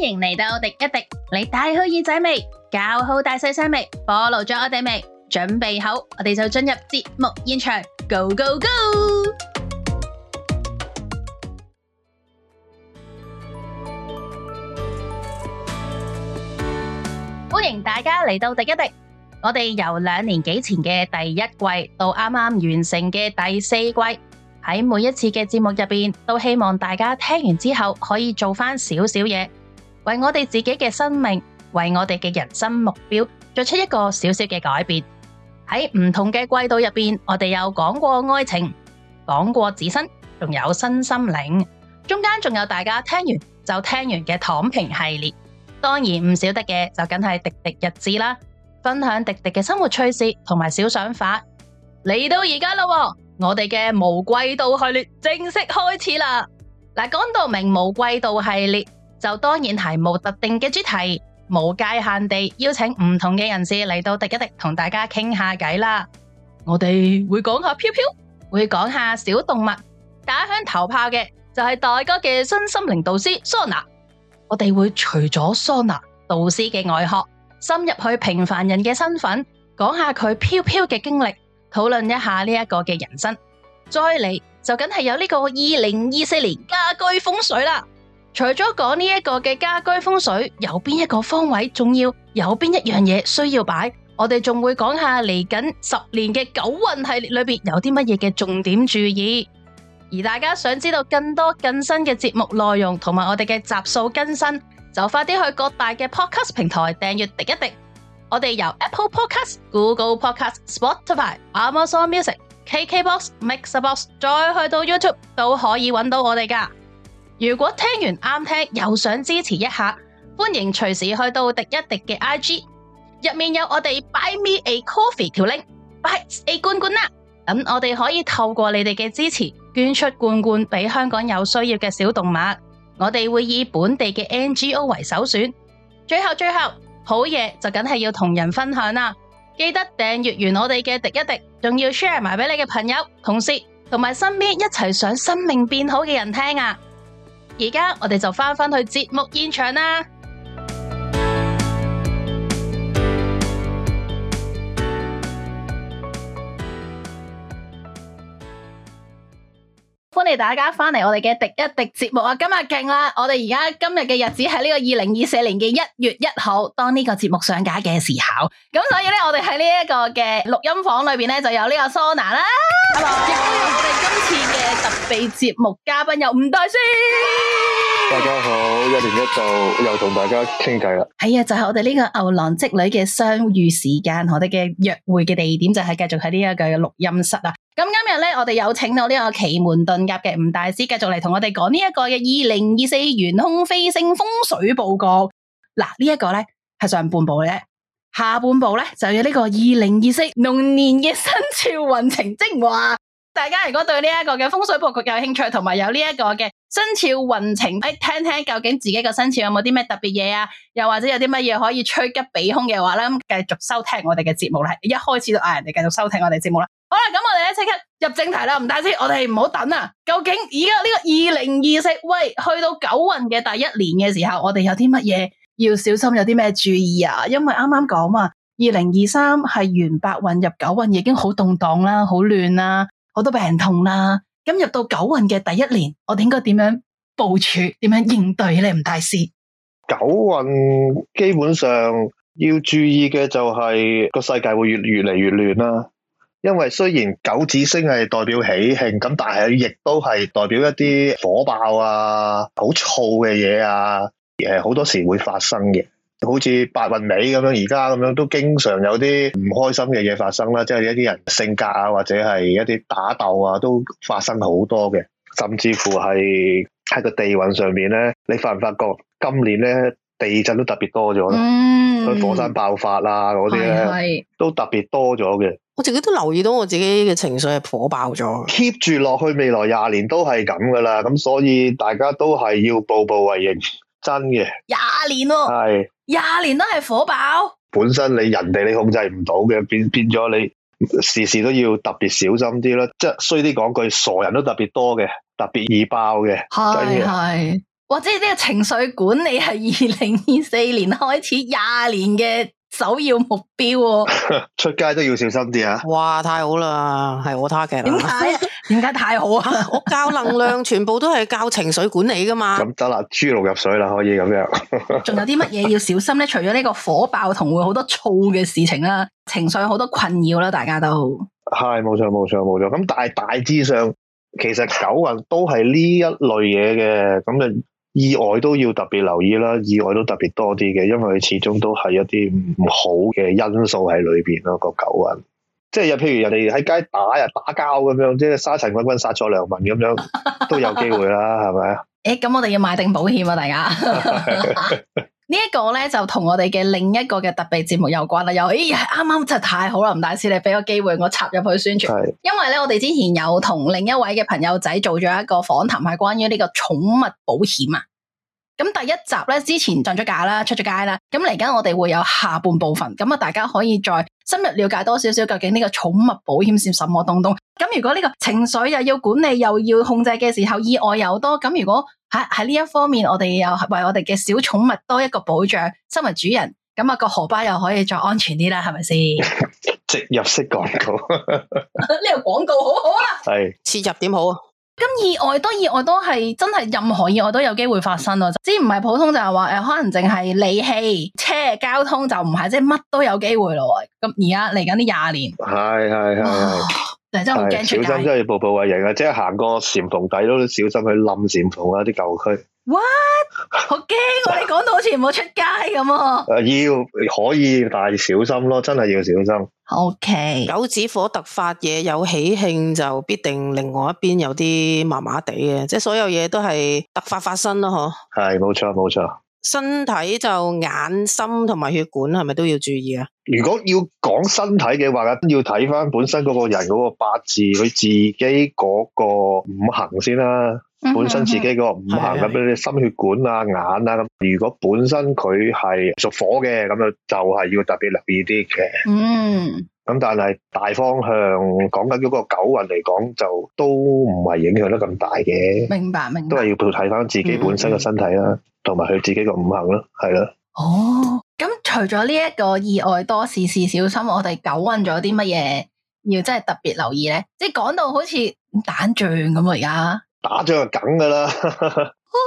歡迎嚟到迪一迪，你帶好耳仔未？搞好大細聲未？Follow 咗我哋未？準備好，我哋就進入節目現場。Go go go！歡迎大家嚟到迪一迪。我哋由兩年幾前嘅第一季到啱啱完成嘅第四季，喺每一次嘅節目入邊，都希望大家聽完之後可以做翻少少嘢。為我哋自己嘅生命，為我哋嘅人生目標作出一個少少嘅改變。喺唔同嘅季度入邊，我哋有講過愛情，講過自身，仲有新心靈。中間仲有大家聽完就聽完嘅躺平系列。當然唔少得嘅就梗係迪迪日誌啦，分享迪迪嘅生活趣事同埋小想法。嚟到而家啦，我哋嘅無季度系列正式開始啦。嗱，講到明無季度系列。就當然係無特定嘅主題，無界限地邀請唔同嘅人士嚟到迪一迪同大家傾下偈啦。我哋會講下飄飄，會講下小動物。打響頭炮嘅就係代哥嘅身心靈導師 Sona。我哋會除咗 Sona 導師嘅外殼，深入去平凡人嘅身份，講下佢飄飄嘅經歷，討論一下呢一個嘅人生。再嚟就梗係有呢個二零二四年家居風水啦。除咗講呢一個嘅家居風水，有邊一個方位重要，有邊一樣嘢需要擺，我哋仲會講下嚟緊十年嘅九運系列裏邊有啲乜嘢嘅重點注意。而大家想知道更多更新嘅節目內容同埋我哋嘅集數更新，就快啲去各大嘅 podcast 平台訂閱滴一滴，滴。我哋由 Apple Podcast、Google Podcast、Spotify、Amazon Music、KKBox、Mixbox 再去到 YouTube 都可以揾到我哋噶。如果聽完啱聽，又想支持一下，歡迎隨時去到迪一迪嘅 IG，入面有我哋 Buy Me A Coffee 條 link，Buy A 罐罐啦。咁我哋可以透過你哋嘅支持，捐出罐罐俾香港有需要嘅小動物。我哋會以本地嘅 NGO 為首選。最後最後，好嘢就梗係要同人分享啦。記得訂閱完我哋嘅迪一迪，仲要 share 埋俾你嘅朋友、同事同埋身邊一齊想生命變好嘅人聽啊！而家我哋就翻返去節目現場啦！歡迎大家翻嚟我哋嘅迪一迪節目啊！今日勁啦！我哋而家今日嘅日子喺呢個二零二四年嘅一月一號，當呢個節目上架嘅時候，咁所以呢，我哋喺呢一個嘅錄音房裏邊呢，就有呢個 Sona 啦。特別節目嘉賓有吳大師。大家好，一年一度又同大家傾偈啦。係啊、哎，就係、是、我哋呢個牛郎織女嘅相遇時間，我哋嘅約會嘅地點就係繼續喺呢一個錄音室啊。咁今日咧，我哋有請到呢個奇門遁甲嘅吳大師，繼續嚟同我哋講呢一個嘅二零二四玄空飛星風水佈局。嗱，這個、呢一個咧係上半部嘅，下半部咧就有呢個二零二四龍年嘅生肖運程精華。大家如果對呢一個嘅風水布局有興趣，同埋有呢一個嘅生肖運程，喂，哎，聽聽究竟自己個生肖有冇啲咩特別嘢啊？又或者有啲乜嘢可以趨吉避凶嘅話咧，咁繼續收聽我哋嘅節目啦。一開始就嗌人哋繼續收聽我哋節目啦。好啦，咁我哋咧即刻入正題啦。唔大先，我哋唔好等啊！究竟而家呢個二零二四喂，去到九運嘅第一年嘅時候，我哋有啲乜嘢要小心？有啲咩注意啊？因為啱啱講啊，二零二三係元白運入九運，已經好動盪啦，好亂啦。好多病痛啦，咁入到九運嘅第一年，我哋應該點樣部署？點樣應對咧？吳大師。九運基本上要注意嘅就係個世界會越越嚟越亂啦，因為雖然九紫星係代表喜慶，咁但係亦都係代表一啲火爆啊、好躁嘅嘢啊，誒好多時會發生嘅。好似八運尾咁樣，而家咁樣都經常有啲唔開心嘅嘢發生啦，即係一啲人性格啊，或者係一啲打鬥啊，都發生好多嘅。甚至乎係喺個地運上面咧，你發唔發覺今年咧地震都特別多咗啦，嗰、嗯、火山爆發啦嗰啲咧都特別多咗嘅。我自己都留意到，我自己嘅情緒係火爆咗，keep 住落去未來廿年都係咁噶啦。咁所以大家都係要步步為營，真嘅廿年咯，係。廿年都係火爆，本身你人哋你控制唔到嘅，變變咗你事事都要特別小心啲咯。即係衰啲講句，傻人都特別多嘅，特別易爆嘅，係係、就是，或者呢個情緒管理係二零二四年開始廿年嘅。首要目標、哦， 出街都要小心啲啊！哇，太好啦，係我 target。點解？點解太好啊？ 我教能量，全部都係教情緒管理噶嘛。咁得啦，豬籠入水啦，可以咁樣。仲 有啲乜嘢要小心咧？除咗呢個火爆同會好多燥嘅事情啦，情緒好多困擾啦，大家都係冇錯，冇錯，冇錯。咁但係大，大致上，其實九運都係呢一類嘢嘅，咁你。意外都要特別留意啦，意外都特別多啲嘅，因為佢始終都係一啲唔好嘅因素喺裏邊咯，這個九運，即係譬如人哋喺街打啊，打交咁樣，即係沙塵滾滾殺錯良民咁樣， 都有機會啦，係咪啊？誒，咁我哋要買定保險啊，大家。呢一個咧就同我哋嘅另一個嘅特別節目有關啦。又咦，啱啱就太好啦！吳大師，你俾個機會我插入去宣傳。對因為咧，我哋之前有同另一位嘅朋友仔做咗一個訪談，係關於呢個寵物保險啊。咁第一集咧之前上咗架啦，出咗街啦。咁嚟緊我哋會有下半部分，咁啊大家可以再深入了解多少少究竟呢個寵物保險是什麽東東。咁如果呢個情緒又要管理又要控制嘅時候，意外又多，咁如果。喺喺呢一方面，我哋又為我哋嘅小寵物多一個保障，身為主人，咁、那、啊個荷包又可以再安全啲啦，係咪先？植 入式廣告，呢個廣告好好啊！係是，切入點好啊！咁意外都意外都係真係，任何意外都有機會發生咯、啊。即係唔係普通就係話誒，可能淨係理氣車交通就唔係，即係乜都有機會咯、啊。咁而家嚟緊啲廿年，係係係。 係小心，真係步步為營啊！即係行個禪縫底都小心去冧禪縫啊！啲舊區 w 好驚 我哋講到好似唔好出街咁啊！ 要可以，但係小心咯，真係要小心。O K，九子火突發嘢，有喜慶就必定另外一邊有啲麻麻地嘅，即係所有嘢都係突發發生咯，嗬？ 係冇錯，冇錯。身體就眼、心同埋血管係咪都要注意啊？如果要講身體嘅話，要睇返本身嗰個人嗰個八字，佢自己嗰個五行先啦。 本身自己嗰個五行咁樣， 心血管啊、眼啊咁。如果本身佢係屬火嘅，咁就就係要特別留意啲嘅。嗯。咁但係大方向，講緊嗰個九運嚟講，就都唔係影響得咁大嘅。明白，明白。都係要睇返自己本身嘅身體啦，同埋佢自己個五行咯，係咯。哦，咁除咗呢一個意外多事、事小心，我哋九運咗啲乜嘢要真係特別留意咧？即係講到好似、啊、打仗咁啊，而家打仗就梗㗎啦，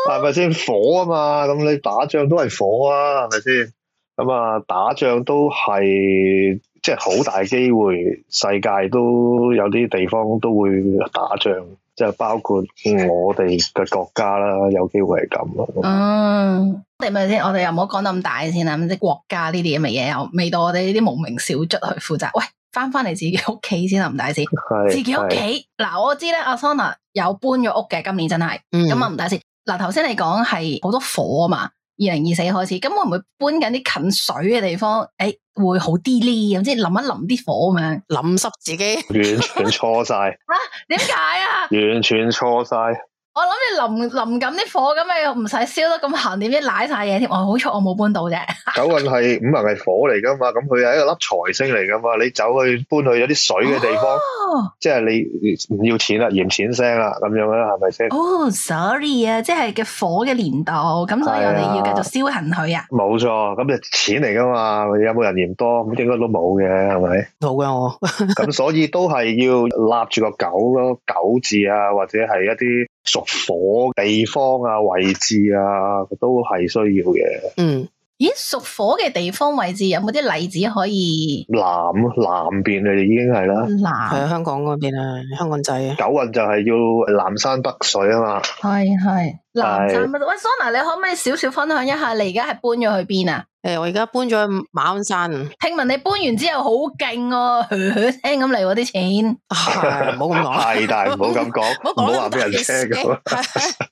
係咪先？火啊嘛？咁你打仗都係火啊，係咪先？咁啊，打仗都係。即係好大機會，世界都有啲地方都會打仗，即係包括我哋嘅國家啦，有機會係咁咯。嗯，我咪先，我哋又唔好講咁大先啦，即係國家呢啲咁嘅嘢，又未到我哋呢啲無名小卒去負責。喂，翻翻嚟，自己屋企先啦，唔大先？係。是自己屋企嗱，我知咧，阿 Sona 有搬咗屋嘅，今年真係。咁啊、嗯，唔大先。嗱，頭先你講係好多火啊嘛。二零二四開始，咁會唔會搬緊啲近水嘅地方？誒、欸，會好啲呢？咁即係淋一淋啲火咁樣，淋濕自己，完全錯晒。啊？點解啊？完全錯晒。我諗你淋淋緊啲火咁，你唔使燒得咁痕，點知舐晒嘢添。乖乖我好彩，我冇搬到啫。九運係五行係火嚟噶嘛？咁佢係一個粒財星嚟噶嘛？你走去搬去一啲水嘅地方，哦、即係你唔要錢啦，嫌錢腥啦，咁樣啦，係咪先？哦、oh,，sorry 啊，即係嘅火嘅年度，咁所以我哋要繼續燒痕佢啊。冇錯、啊，咁就錢嚟噶嘛？有冇人嫌多？咁應該都冇嘅，係咪？冇啊，我咁 所以都係要立住個九九字啊，或者係一啲。屬火地方啊、位置啊，都係需要嘅。嗯，咦？屬火嘅地方位置有冇啲例子可以？南南邊你哋已經係啦、嗯。南係香港嗰邊啊，香港仔、啊。港啊、九運就係要南山北水啊嘛。係係。喂，Sona，你可唔可以少少分享一下，你而家係搬咗去邊啊？誒，我而家搬咗去馬鞍山。聽聞你搬完之後好勁喎，嘘嘘聲咁嚟嗰啲錢。係，唔好咁講。但係，唔好咁講。唔好話俾人聽咁。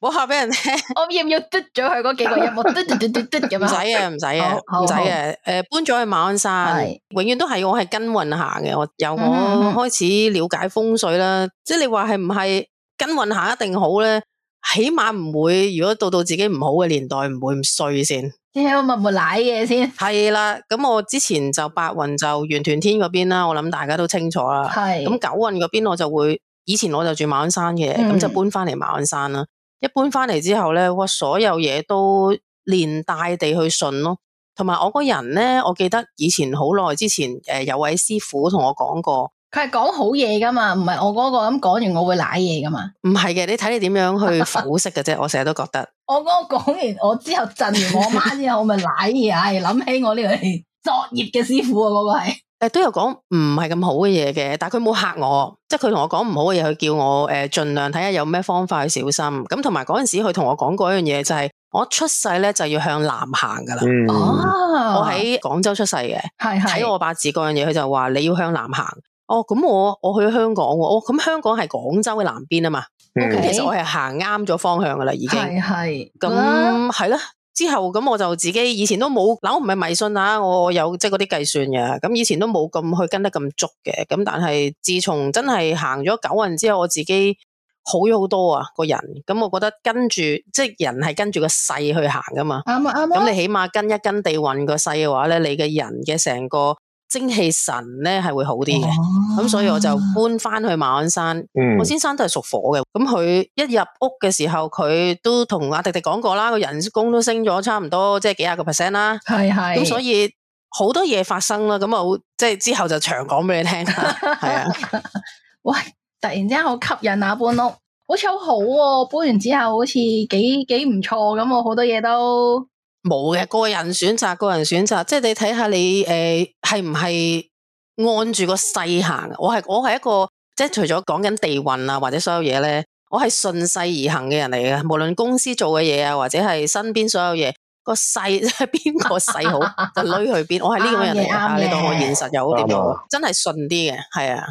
唔好話俾人聽。我要唔要跌咗佢嗰幾個任務我跌跌跌跌咁啊？唔使啊，唔使啊，唔使啊。誒，搬咗去馬鞍山，永遠都係我係跟運行嘅。我由我開始了解風水啦。即係你話係唔係跟運行一定好咧？起碼唔會，如果到到自己唔好嘅年代，唔會唔衰先看看啊。點解我咪冇瀨嘢先？係啦，咁我之前就八運就圓團天嗰邊啦，我諗大家都清楚啦。係的。咁九運嗰邊我就會，以前我就住馬鞍山嘅，咁、嗯、就搬翻嚟馬鞍山啦。一搬翻嚟之後咧，我所有嘢都連帶地去信咯。同埋我個人咧，我記得以前好耐之前，誒有位師傅同我講過。佢係講好嘢噶嘛，唔係我嗰、那個咁講完我會舐嘢噶嘛？唔係嘅，你睇你點樣去剖析嘅啫。 我成日都覺得，我嗰個講完我之後震完我媽之後， 我咪舐嘢。唉，諗起我呢個係作業嘅師傅啊，嗰、那個係。誒，都有講唔係咁好嘅嘢嘅，但係佢冇吓我，即係佢同我講唔好嘅嘢，佢叫我誒盡量睇下有咩方法去小心。咁同埋嗰陣時、就是，佢同我講過一樣嘢，就係我出世咧就要向南行噶啦。哦、嗯，啊、我喺廣州出世嘅，睇的我八字嗰樣嘢，佢就話你要向南行。哦，咁我我去香港喎、哦，哦，咁香港係廣州嘅南邊啊嘛，嗯、其實我係行啱咗方向噶啦，已經係係，咁係啦。之後咁我就自己以前都冇，嗱，我唔係迷信啊，我有即係嗰啲計算嘅，咁以前都冇咁去跟得咁足嘅，咁但係自從真係行咗九運之後，我自己好咗好多啊個人，咁我覺得跟住即係人係跟住個勢去行噶嘛，啱啊啱啊。咁、嗯、你起碼跟一跟地運、個勢嘅話咧，你嘅人嘅成個。精氣神咧係會好啲嘅，咁、啊、所以我就搬翻去馬鞍山。嗯、我先生都係屬火嘅，咁佢一入屋嘅時候，佢都同阿迪迪講過啦，個人工都升咗差唔多，即係幾廿個 percent 啦。係係是，咁所以好多嘢發生啦。咁啊，即係之後就長講俾你聽。係 啊， 喂，突然之間好吸引啊，搬屋，好似好好、啊、喎，搬完之後好似幾幾唔錯，咁我好多嘢都。冇嘅，個人選擇，個人選擇，即係你睇下你誒係唔係按住個勢行？我係我係一個即係除咗講緊地運啊，或者所有嘢咧，我係順勢而行嘅人嚟嘅。無論公司做嘅嘢啊，或者係身邊所有嘢，個勢喺邊個勢好就女去邊。我係呢個人嚟嘅， 嗯、你當我現實又好、嗯、點樣？真係順啲嘅，係啊。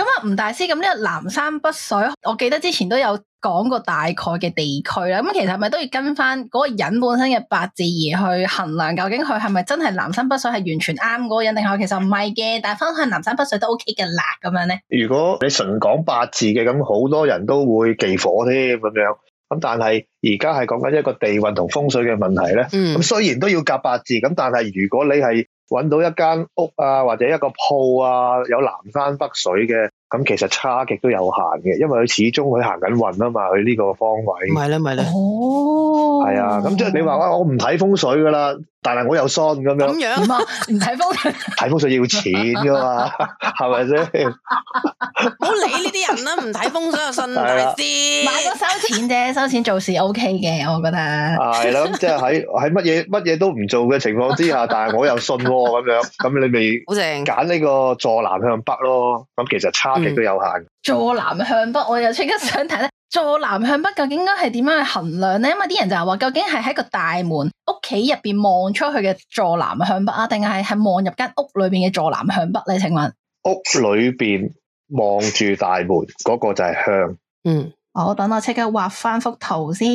咁啊，吳大師，咁呢個南山北水，我記得之前都有講過大概嘅地區啦。咁其實係咪都要跟翻嗰個人本身嘅八字而去衡量，究竟佢係咪真係南山北水係完全啱嗰個人，定係其實唔係嘅？但係方向南山北水都 OK 嘅啦，咁樣咧。如果你純講八字嘅，咁好多人都會忌火添咁樣。咁但係而家係講緊一個地運同風水嘅問題咧。咁、嗯、雖然都要夾八字，咁但係如果你係揾到一間屋啊，或者一個鋪啊，有南山北水嘅。咁其實差極都有限嘅，因為佢始終會行緊運啊嘛，佢呢個方位。唔係啦唔係啦。哦。係啊，咁即係你話啊，我唔睇風水㗎啦，但係我又信咁樣。咁樣。嘛，唔睇風水。睇風水要錢㗎嘛，係咪先？唔好理呢啲人啦，唔睇風水就信大事，買咗收錢啫，收錢做事 OK 嘅，我覺得。係啦，即係喺喺乜嘢乜嘢都唔做嘅情況之下，但係我又信喎咁樣，咁你咪好正，揀呢個坐南向北咯。咁其實差亦都有限。坐南向北，我又即刻想睇咧。坐南向北究竟應該係點樣去衡量咧？因為啲人就係話，究竟係喺個大門屋企入邊望出去嘅坐南向北啊，定係係望入間屋裏邊嘅坐南向北咧？請問屋裏邊望住大門嗰、那個就係向。嗯，我、哦、等我即刻畫翻幅圖先。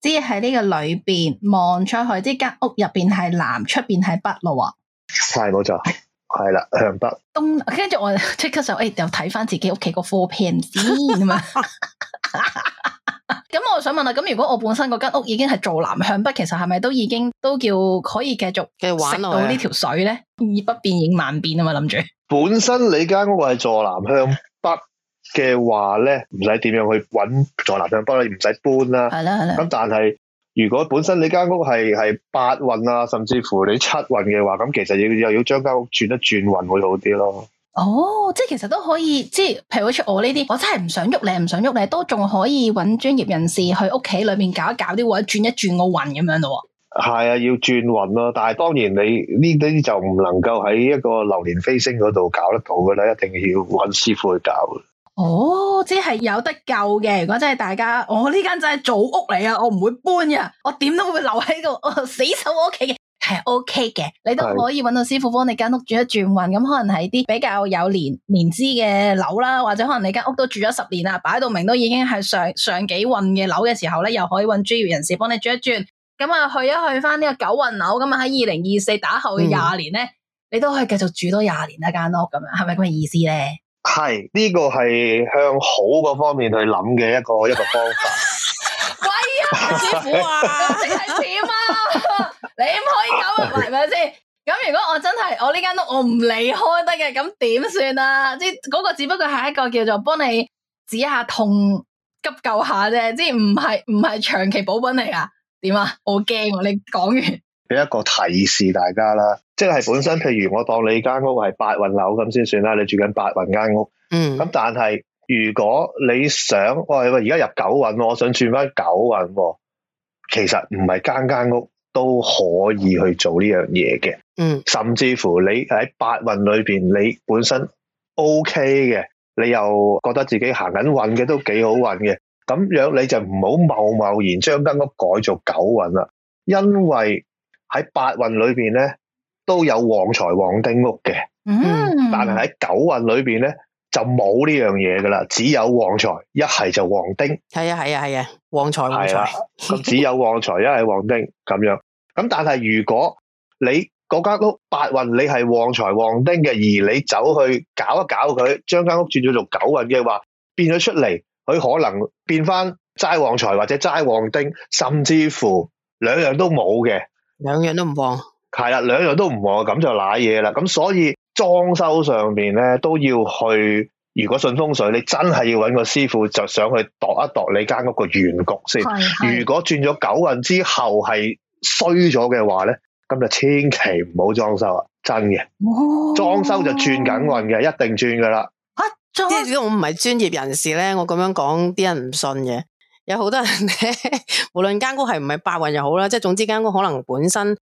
即係喺呢個裏邊望出去，即間屋入邊係南，出邊係北咯。係冇錯。 係啦，向北。東，跟住我即刻、哎、就誒，又睇翻自己屋企個 four pan 先咁啊。咁 我想問啦，咁如果我本身嗰間屋已經係坐南向北，其實係咪都已經都叫可以繼續食到呢條水咧？以不變應萬變啊嘛，諗住。本身你間屋係坐南向北嘅話咧，唔使點樣去搵坐南向北咧，你唔使搬啦。係啦係啦。咁但係。如果本身你間屋係係八運啊，甚至乎你七運嘅話，咁其實要又要將間屋轉一轉運會好啲咯。哦，即係其實都可以，即係譬如好似我呢啲，我真係唔想喐你，唔想喐你，都仲可以揾專業人士去屋企裏面搞一搞啲或者轉一轉個運咁樣咯。係啊，要轉運咯，但係當然你呢啲就唔能夠喺一個流年飛星嗰度搞得到噶啦，一定要揾師傅去搞。哦，即係有得救嘅。如果真係大家，我、哦、呢間真係祖屋嚟，啊，我唔會搬啊，我點都會留喺度、哦、死守我屋企嘅係 OK 嘅。你都可以揾到師傅幫你間屋轉一轉運。咁是可能係啲比較有年年資嘅樓啦，或者可能你間屋都住咗十年啦，擺到明都已經係上上幾運嘅樓嘅時候咧，又可以揾專業人士幫你轉一轉。咁啊，去一去翻呢個九運樓，咁啊喺二零二四打後嘅廿年咧，嗯、你都可以繼續住多廿年一間屋咁樣，係咪咁嘅意思咧？係呢、呢個係向好個方面去諗嘅一個一個方法。喂 啊！ 師傅啊！你係點啊？你唔可以咁啊，係咪先？咁 如果我真係我呢間屋我唔離開得嘅，咁點算啊？即係嗰個只不過係一個叫做幫你止下痛、急救下啫，即係唔係唔係長期補品嚟噶？點啊？我驚、啊、你講完俾一個提示大家啦。即係本身，譬如我當你間屋係八運樓咁先算啦，你住緊八運間屋。嗯。咁但係如果你想，我話喂，而家入九運，我想轉翻九運，其實唔係間間屋都可以去做呢樣嘢嘅。嗯。甚至乎你喺八運裏邊，你本身 O K 嘅，你又覺得自己行緊運嘅都幾好運嘅。咁樣你就唔好貿貿然將間屋改做九運啦，因為喺八運裏邊咧，都有旺財旺丁屋嘅，嗯，但係喺九運裏邊咧就冇呢樣嘢噶啦，只有旺財，一係就旺丁，係啊係啊係啊，旺財旺財，咁、啊、只有旺財一係旺丁咁樣，咁但係如果你嗰間屋八運你係旺財旺丁嘅，而你走去搞一搞佢，將間屋轉咗做九運嘅話，變咗出嚟，佢可能變翻齋旺財或者齋旺丁，甚至乎兩樣都冇嘅，兩樣都唔旺。係啦，兩樣都唔和，咁就瀨嘢啦。咁所以裝修上面咧都要去，如果信風水，你真係要揾個師傅就上去度一度你間屋個原局先。的如果轉咗九運之後係衰咗嘅話咧，咁就千祈唔好裝修啊，真嘅。哦、裝修就轉緊運嘅，一定轉噶啦。吓、啊，即係如果我唔係專業人士咧，我咁樣講啲人唔信嘅。有好多人咧， 無論間屋係唔係八運又好啦，即係總之間屋可能本身。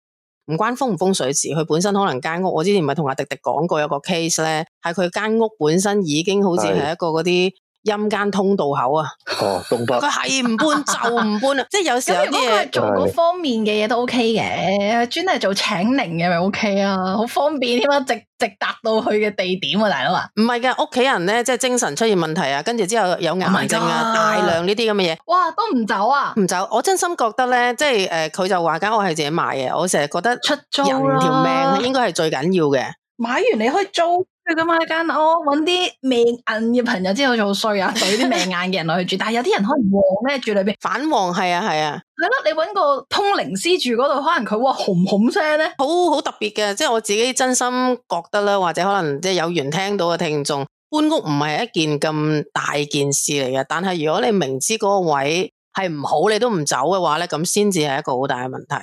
唔關風唔風水事，佢本身可能間屋。我之前唔係同阿迪迪講過，有個 case 咧,係佢間屋本身已經好似係一個嗰啲。陰間通道口啊！哦，東北佢係唔搬就唔搬啊！ 即係有時候有如果佢係做嗰方面嘅嘢，都 OK 嘅，專係對做請靈嘅咪 OK 啊！好方便添啊，直直達到去嘅地點啊！大佬啊，唔係嘅屋企人咧，即係精神出現問題啊，跟住之後有癌症啊，oh、大量呢啲咁嘅嘢，哇，都唔走啊！唔走，我真心覺得咧，即係誒，佢、呃、就話間屋係自己買嘅，我成日覺得出租、啊、人條命應該係最緊要嘅。買完你可以租。佢咁買間，我揾啲命硬嘅朋友，之後就好衰啊，懟啲命硬嘅人落去住。但係有啲人可能旺咧，住裏邊反旺係啊，係啊，係咯、啊 啊。你揾個通靈師住嗰度，可能佢話哄哄聲咧，好好特別嘅。即係我自己真心覺得啦，或者可能即係有緣聽到嘅聽眾，搬屋唔係一件咁大件事嚟嘅。但係如果你明知嗰個位係唔好，你都唔走嘅話咧，咁先至係一個好大嘅問題。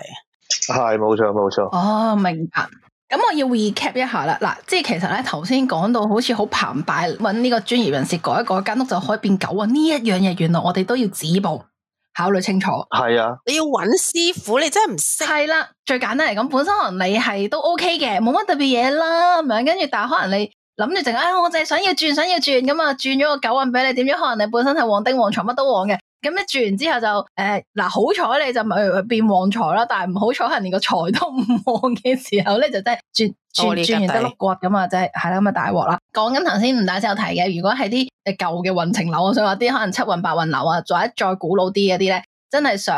係冇錯冇錯。錯錯哦，明白。咁我要 recap 一下啦，嗱，即係其實咧，頭先講到好似好澎湃，揾呢個專業人士改一改，間屋就可以變九運。呢一樣嘢，原來我哋都要止步，考慮清楚。係啊，你要揾師傅，你真係唔識。係啦，最簡單嚟講，本身可能你係都 O K 嘅，冇乜特別嘢啦，咁樣跟住，但可能你諗住陣間，哎，我就係想要轉，想要轉，咁啊，轉咗個九運俾你，點知可能你本身係旺丁旺財乜都旺嘅。咁咧轉完之後就誒，嗱，好彩你就咪變旺財啦，但係唔好彩係連個財都唔旺嘅時候咧，就真係轉轉轉一碌骨咁啊，真係係啦，咁啊大鑊啦！講緊頭先唔大聲有提嘅，如果係啲誒舊嘅運程樓，所以話啲可能七運八運樓啊，再一再古老啲嗰啲咧，真係想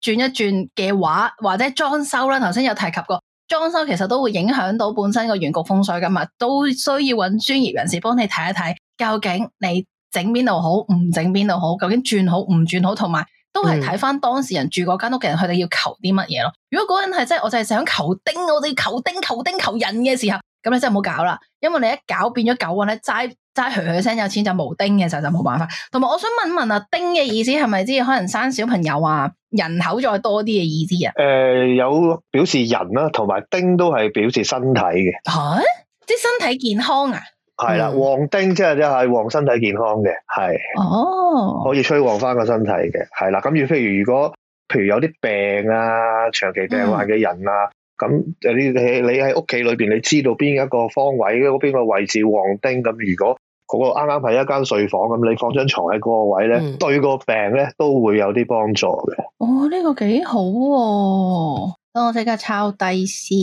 轉一轉嘅話，或者裝修啦，頭先有提及過裝修，其實都會影響到本身個原局風水噶嘛，都需要揾專業人士幫你睇一睇，究竟你。整邊度好唔整邊度好，究竟轉好唔轉好，同埋都係睇翻當事人住嗰間屋嘅人，佢哋要求啲乜嘢咯？如果嗰人係真係，我就係想求丁，我哋求丁、求丁、求人嘅時候，咁你真係唔好搞啦，因為你一搞變咗九運咧，齋齋噓噓聲有錢就冇丁嘅時候就冇辦法。同埋我想問一問啊，丁嘅意思係咪即係可能生小朋友啊，人口再多啲嘅意思啊？誒、呃，有表示人啦、啊，同埋丁都係表示身體嘅吓、啊，即係身體健康啊！係啦，旺丁即係即係旺身體健康嘅。係哦，可以催旺翻個身體嘅，係啦。咁如譬如如果，譬如有啲病啊，長期病患嘅人啊，咁、嗯、你你你喺屋企裏邊，你知道邊一個方位嗰邊個位置旺丁咁？如果嗰個啱啱係一間睡房咁，你放張床喺嗰個位咧，嗯、對個病咧都會有啲幫助嘅。哦，呢、這個幾好、啊，等我即刻抄低先。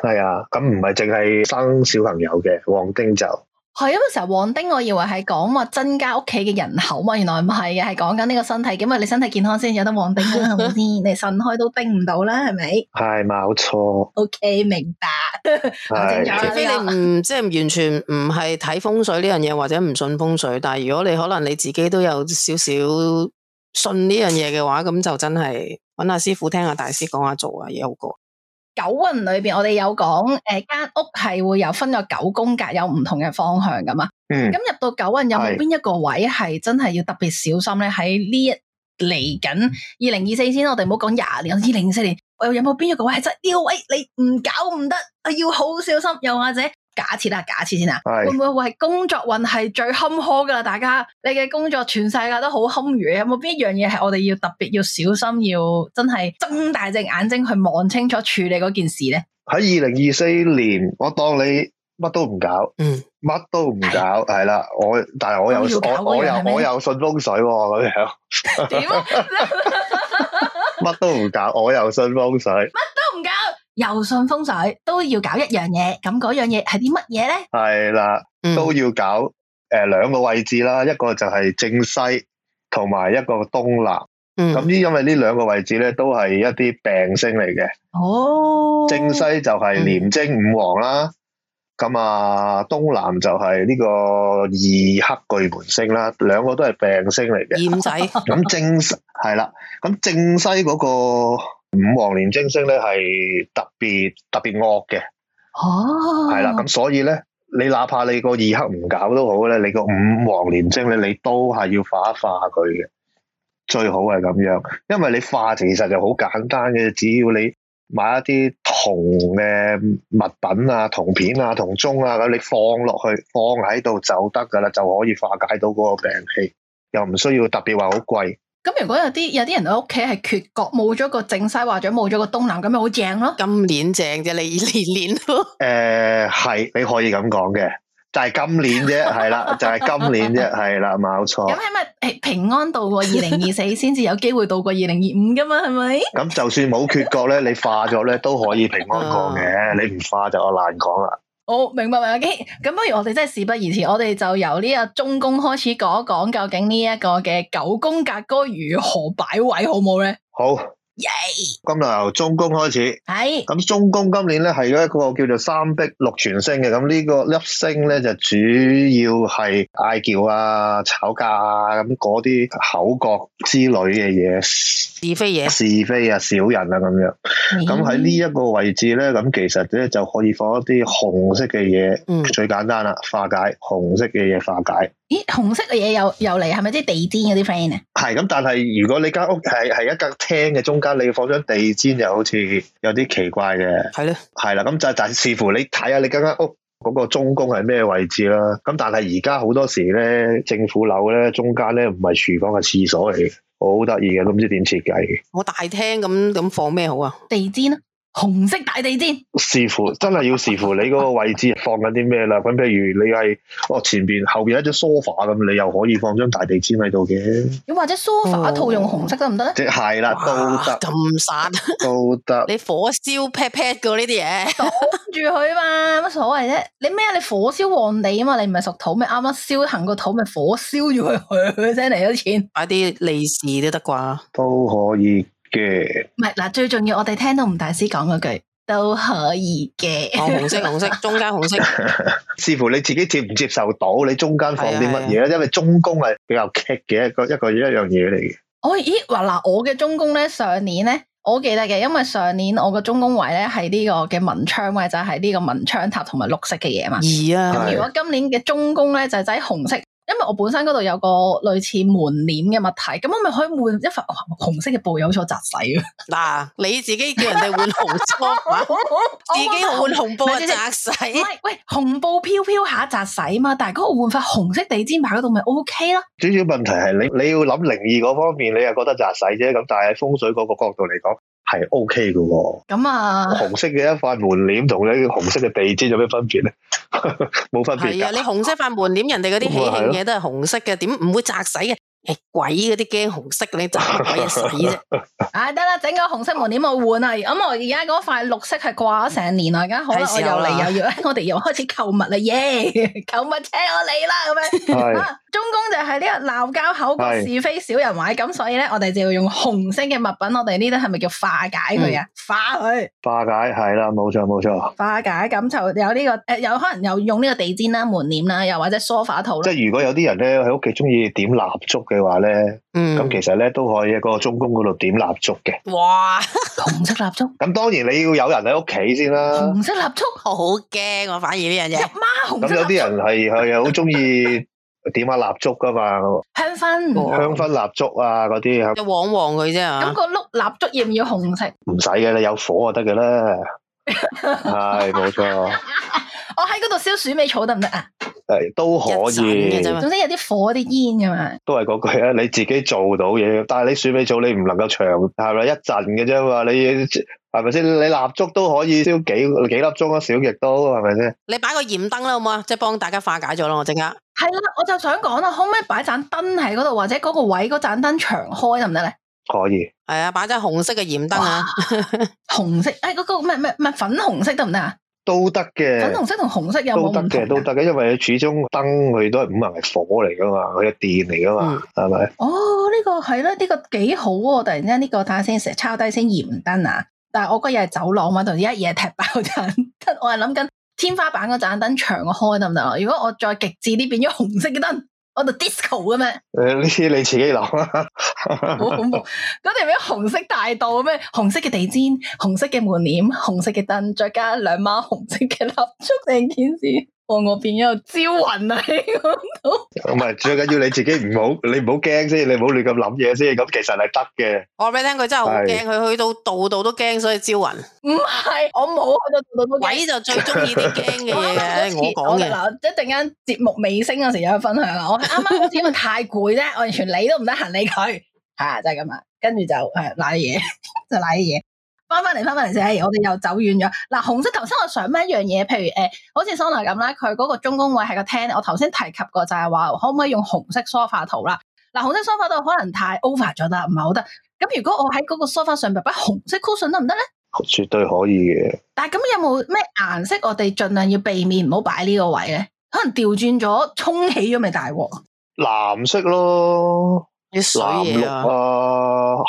係啊，咁唔係淨係生小朋友嘅，旺丁就。係，因為成日旺丁，我以為係講話增加屋企嘅人口啊。原來唔係嘅，係講緊呢個身體，因為你身體健康先有得旺丁，你信開都丁唔到啦，係咪？係冇錯。OK，明白。係 。除非你唔即係完全唔係睇風水呢樣嘢，或者唔信風水，但係如果你可能你自己都有少少信呢樣嘢嘅話，咁就真係搵下師傅聽下大師講下做啊，好過。九運裏邊，我哋有講，誒間屋係會有分咗九宮格，有唔同嘅方向噶嘛。咁、嗯、入到九運，是有冇邊一個位係真係要特別小心咧？喺呢一嚟緊二零二四先，我哋唔好講廿年二零二四年。我又有冇邊一個位係真？呢、呢個位你唔搞唔得，要好小心。又或者。假設啦，假設先啦，是會唔會係工作運係最坎坷噶啦？大家，你嘅工作全世界都好坎坷，有冇邊一樣嘢係我哋要特別要小心，要真係睜大隻眼睛去望清楚處理嗰件事咧？喺二零二四年，我當你乜都唔搞，乜、嗯、都唔搞，係啦唉，我但係我又我我又我又有信風水咁、啊、樣，乜 都唔搞，我又信風水。又信風水都要搞一樣嘢，咁嗰樣嘢係啲乜嘢咧？係啦，都要搞誒兩、呃、個位置啦，一個就係正西，同埋一個東南。咁呢、嗯，因為呢兩個位置咧都係一啲病星嚟嘅。哦，正西就係廉貞五黃啦。咁啊、嗯，東南就係呢個二黑巨門星啦。兩個都係病星嚟嘅。燕仔咁正係啦。咁正西嗰個。五黃廉貞星咧係特別特別惡嘅，哦、oh.，係啦，咁所以咧，你哪怕你個二黑唔搞都好咧，你個五黃廉貞咧，你都係要化一化佢嘅，最好係咁樣，因為你化其實就好簡單嘅，只要你買一啲銅嘅物品啊、銅片啊、銅鐘啊咁，你放落去放喺度就得噶啦，就可以化解到嗰個病氣，又唔需要特別話好貴。咁如果有啲有啲人喺屋企係缺角，冇咗個正西或者冇咗個東南，咁咪好正咯？今年正啫，你年年都誒係，你可以咁講嘅，就係、是、今年啫，係啦， 就係、是、今年啫，係、嗯、啦，冇錯。咁係咪平安度過二零二四，先至有機會到過二零二五噶嘛，係咪？咁 就算冇缺角咧，你化咗咧都可以平安過嘅， 你唔化就我難講啦。 好，oh，明白明白，咁不如我哋真係事不宜遲，我哋就由呢個中宮開始講一講，究竟呢一個嘅九宮格該如何擺位，好冇咧？好。咁就由 Yeah. 中宮開始，咁 Yeah. 中宮今年咧係一個叫做三碧六全星嘅，咁呢個粒星咧就主要係嗌交啊、吵架啊咁嗰啲口角之類嘅嘢，是非嘢，是非啊小人啊咁樣，咁喺呢一個位置咧，咁其實咧就可以放一啲紅色嘅嘢，mm hmm. 最簡單啦，化解紅色嘅嘢化解。咦，紅色嘅嘢又又嚟，係咪即係地氈嗰啲 friend 啊？係咁，但係如果你間屋係係一間廳嘅中間，你放張地氈又好似有啲奇怪嘅。係咧的，係啦，咁就就視乎你睇下你間間屋嗰個中宮係咩位置啦。咁但係而家好多時咧，政府樓咧中間咧唔係廚房嘅廁所嚟嘅，好得意嘅，都唔知點設計嘅。我大廳咁咁放咩好啊？地氈啊？紅色大地氈，視乎真係要視乎你嗰個位置放緊啲咩啦。咁譬 如你係哦前邊後邊一張 sofa 咁，你又可以放張大地氈喺度嘅。咁或者 sofa 套用紅色得唔得咧？即係啦，都、嗯、得。咁散都得。你火燒 pat pat 嘅呢啲嘢，擋住佢嘛，乜所謂啫？你咩啊？你火燒旺地啊嘛？你唔係屬土咩？啱啱燒行個土，咪火燒住佢去先嚟咗錢。買啲利是都得啩？都可以。唔係嗱，Good. 最重要我哋聽到吳大師講嗰句都可以嘅，哦，紅色紅色 中間紅色，視乎 你自己接唔接受到，你中間放啲乜嘢咧？是啊，因為中宮係比較 kick 嘅一個一個一樣嘢嚟嘅。哦，咦，話嗱，我嘅中宮咧，上年咧，我記得嘅，因為上年我個中宮位咧係呢個嘅文昌位，就係呢個文昌塔同埋綠色嘅嘢嘛。咦啊，咁如果今年嘅中宮咧就喺、是、紅色。因為我本身嗰度有個類似門簾嘅物體，咁我咪可以換一塊、哦、紅色嘅布，有錯擲洗啊？嗱，你自己叫人哋換紅布，自己換紅布擲洗？唔係，喂，紅布飄飄下擲洗啊嘛，但係嗰個換塊紅色地氈牌嗰度咪 OK 咯？主要問題係你你要諗靈異嗰方面，你又覺得擲洗啫，咁但係喺風水嗰個角度嚟講。係 OK 嘅喎，哦，咁啊，紅色嘅一塊門簾同你紅色嘅地氈有咩分別咧？冇分別啊， 你紅色塊門簾，人哋嗰啲喜慶嘢都係紅色嘅，點唔、嗯、會砸死嘅？誒、哎，鬼嗰啲驚紅色，你砸鬼死啫！哎、 啊，得啦，整個紅色門簾去換啊！咁、嗯、我而家嗰塊綠色係掛咗成年啦，而家好啦，我又嚟又要，我哋又開始購物啦，耶、yeah,！購物車我嚟啦，咁樣。中宮就係呢個鬧交口個是非小人位，咁所以咧，我哋就要用紅色嘅物品，我哋呢啲係咪叫化解佢啊？化佢化解係啦，冇錯冇錯。化解咁就有呢個誒，有可能又用呢個地氈啦、門簾啦，又或者梳化套啦。即係如果有啲人咧喺屋企中意點蠟燭嘅話咧，咁其實咧都可以喺個中宮嗰度點蠟燭嘅。哇，紅色蠟燭。咁當然你要有人喺屋企先啦。紅色蠟燭好驚，我反而呢樣嘢。咩紅色蠟燭。咁有啲人係係好中意。點下蠟燭噶嘛。香薰，香薰蠟燭啊，嗰啲又旺旺佢啫。咁個碌蠟燭要唔要紅色？唔使嘅，你有火就得嘅啦。係冇錯。錯。 我喺嗰度燒鼠尾草得唔得啊？誒、哎，都可以。總之有啲火，啲煙噶嘛。都係嗰句啊，你自己做到嘢，但係你鼠尾草你唔能夠長，係咪一陣嘅啫嘛？你係咪先？你蠟燭都可以燒幾幾粒鐘啊，少極都，係咪先？你擺個鹽燈啦，好唔好啊？即係幫大家化解咗咯，我陣間。係啦，我就想講啦，可唔可以擺盞燈喺嗰度，或者嗰個位嗰盞燈長開得唔得咧？行行可以，係啊，擺盞紅色嘅鹽燈啊，紅色，誒、哎，嗰、那個唔係唔粉紅色得唔得啊？行行都得嘅，粉紅色同紅色有冇唔同都？都得嘅，都得嘅，因為佢始終燈佢都係五行係火嚟噶嘛，佢係電嚟噶嘛，係咪、嗯？是是哦，呢、這個係啦，呢、這個幾好喎！突然間呢、這個嘆聲，成抄低聲鹽燈啊！但係我嗰日係走廊嘛，同啲一夜踢爆燈， 我係諗緊。天花板嗰盞燈長開得唔得啊？如果我再極致啲，變咗紅色嘅燈，我就 disco 嘅咩？誒、呃，呢啲你自己諗啦，好恐怖！嗰條咩紅色大道咩？紅色嘅地氈，紅色嘅門簾，紅色嘅燈，再加兩晚紅色嘅蠟燭，成件事。我變咗招魂啊！唔係，最緊要你自己唔好，你唔好驚先，你唔好亂咁諗嘢先，咁其實係得嘅。我俾你聽佢真係好驚，佢是去到度度都驚，所以招魂。唔係，我冇去到度度都驚。鬼就最中意啲驚嘅嘢，我講嘅。嗱，一陣間節目尾聲嗰時候有分享啊，我啱啱好似因太攰啫， 我完全理都唔得閒理佢，吓，啊，就係、是、咁啊，跟住就係瀨嘢，就瀨嘢。啊啊啊翻翻嚟，翻翻嚟先，我哋又走遠咗。嗱，紅色，頭先我想乜一樣嘢？譬如誒，好似 Sona 咁啦，佢嗰個中宮位係個廳，我頭先提及過，就係話可唔可以用紅色梳化套啦？嗱，紅色梳化套可能太 over 咗啦，唔係好得。咁如果我喺嗰個梳化上邊擺紅色 cushion 得唔得咧？絕對可以嘅。但係咁有冇咩顏色我哋盡量要避免唔好擺呢個位咧？可能調轉咗，衝起咗咪大鑊？藍色咯，藍綠啊，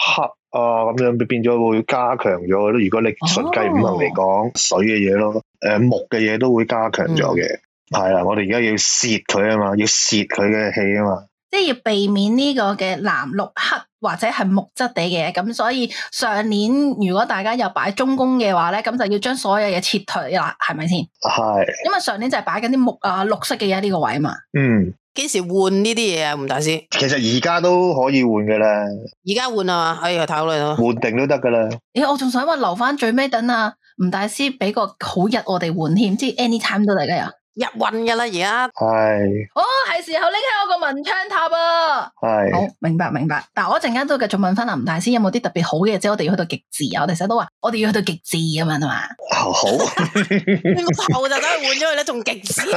哦，咁樣變咗會加強咗咯。如果你純計五行嚟講，哦、水嘅嘢咯，誒、呃、木嘅嘢都會加強咗嘅。係啊、嗯，我哋而家要泄佢啊嘛，要泄佢嘅氣啊嘛。即係要避免呢個嘅藍綠黑。或者係木質地嘅嘢，咁所以上年如果大家又擺中宮嘅話咧，咁就要將所有嘢撤退啦，係咪先？係是。因為上年就係擺緊啲木啊、綠色嘅嘢呢個位啊嘛。嗯。幾時換呢啲嘢啊，吳大師？其實而家都可以換嘅啦。而家換啊？係啊，睇好你咯。換定都得噶啦。咦、欸，我仲想話留翻最尾等啊，吳大師俾個好日我哋換添，即係 anytime 都得嘅呀。入運噶啦而家，係 Hi. 哦，係時候拎起我個文昌塔啊，係 Hi. 好，明白明白，但我陣間都繼續問翻吳大師有冇啲特別好嘅，即係我哋要去到極致啊！我哋成日都話我哋要去到極致咁樣啊嘛係嘛，好你個頭就等於換咗佢咧，仲極致，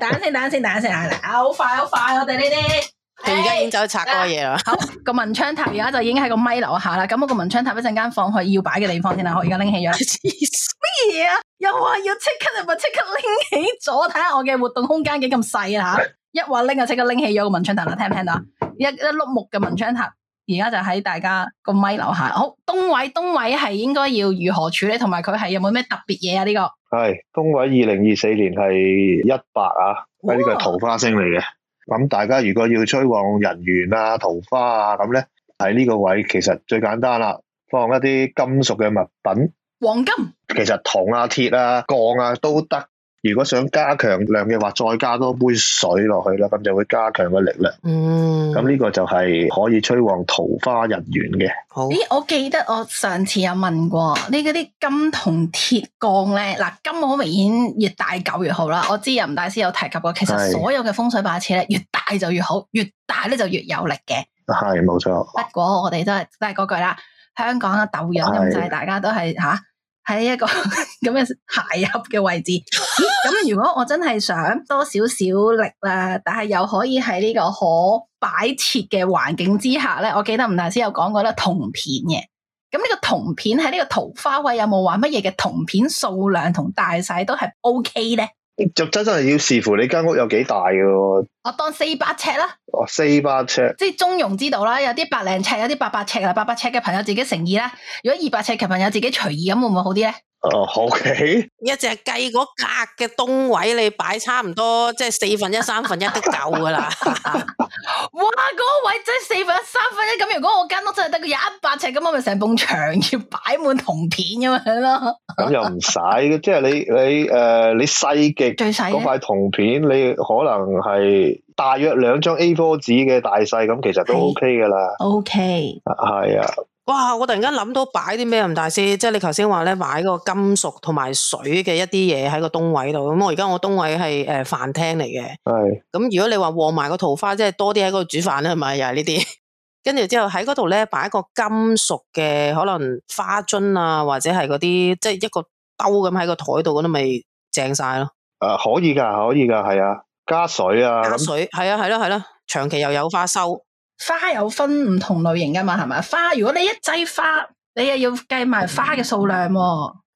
等一先等一先等一先嚟，好快好快我哋呢啲。佢而家已經走去拆嗰嘢啦。好，個文昌塔而家就已經喺個咪樓下啦。咁我個文昌塔一陣間放去要擺嘅地方先啦。我而家拎起咗，乜嘢啊？又話要即刻，咪即刻拎起咗？睇下我嘅活動空間幾咁細啊！吓，一話拎啊，即刻拎起咗個文昌塔啦，聽唔聽到啊？一、一碌木嘅文昌塔，而家就喺大家個咪樓下。好，東位，東位係應該要如何處理？同埋佢係有冇咩特別嘢啊？呢個係東位，二零二四年係一百啊，喂，呢個係桃花星嚟嘅。咁大家如果要催旺人緣啊、桃花啊咁咧，喺呢個位其實最簡單啦，放一啲金屬嘅物品，黃金，其實銅啊、鐵啊、鋼啊都得。如果想加強量嘅話，再加多杯水落去啦，咁就會加強個力量。嗯，咁呢個就係可以催旺桃花人緣嘅。好咦，我記得我上次有問過呢啲金同鐵鋼咧，嗱金好明顯越大舊越好啦。我知吳大師有提及過，其實所有嘅風水擺設咧，越大就越好，越大咧就越有力嘅。係冇錯。不過我哋都係都係嗰句啦，香港嘅豆樣飲曬，大家都係嚇。啊喺在一個咁嘅鞋盒嘅位置，咁如果我真係想多少少力啦，但係又可以喺呢個可擺設嘅環境之下咧，我記得吳大師有講過咧銅片嘅，咁呢個銅片喺呢個桃花位有冇話乜嘢嘅銅片數量同大細都係 OK 咧？就真真係要視乎你間屋有幾大噶喎啊。我當四百尺啦。哦，四百尺，即係中庸之道啦。有啲百零尺，有啲八百尺啦。八百尺嘅朋友自己誠意啦。如果二百尺嘅朋友自己隨意咁，會唔會好啲咧？哦、uh，OK，一隻雞嗰格嘅東位你擺差唔多，即係四分一、三分一都夠噶啦。哇，嗰、那個、位即係四分一、三分一，咁如果我間屋真係得個一百尺咁，我咪成埲牆要擺滿銅片咁樣咯。咁又唔使，即係你你誒，你細極、呃、最細嗰塊銅片，你可能係大約兩張 A4 紙嘅大細，咁其實都 OK 噶啦。OK，係啊、哎。哇！我突然間諗到擺啲咩，吳大師，即係你頭先話咧，擺個金屬同埋水嘅一啲嘢喺個東位度。咁我而家我東位係誒飯廳嚟嘅，咁、呃是嗯、如果你話旺埋個桃花，即係多啲喺嗰度煮飯啦，係咪又係呢啲？跟住之後喺嗰度咧擺一個金屬嘅可能花樽啊，或者係嗰啲即係一個兜咁喺個台度，咁咪正晒咯。誒、呃，可以噶，可以噶，係啊，加水啊，加水，係那啊，係咯，係咯，長期又有花收。花有分唔同類型噶嘛，係咪？花如果你一劑花，你又要計埋花嘅數量。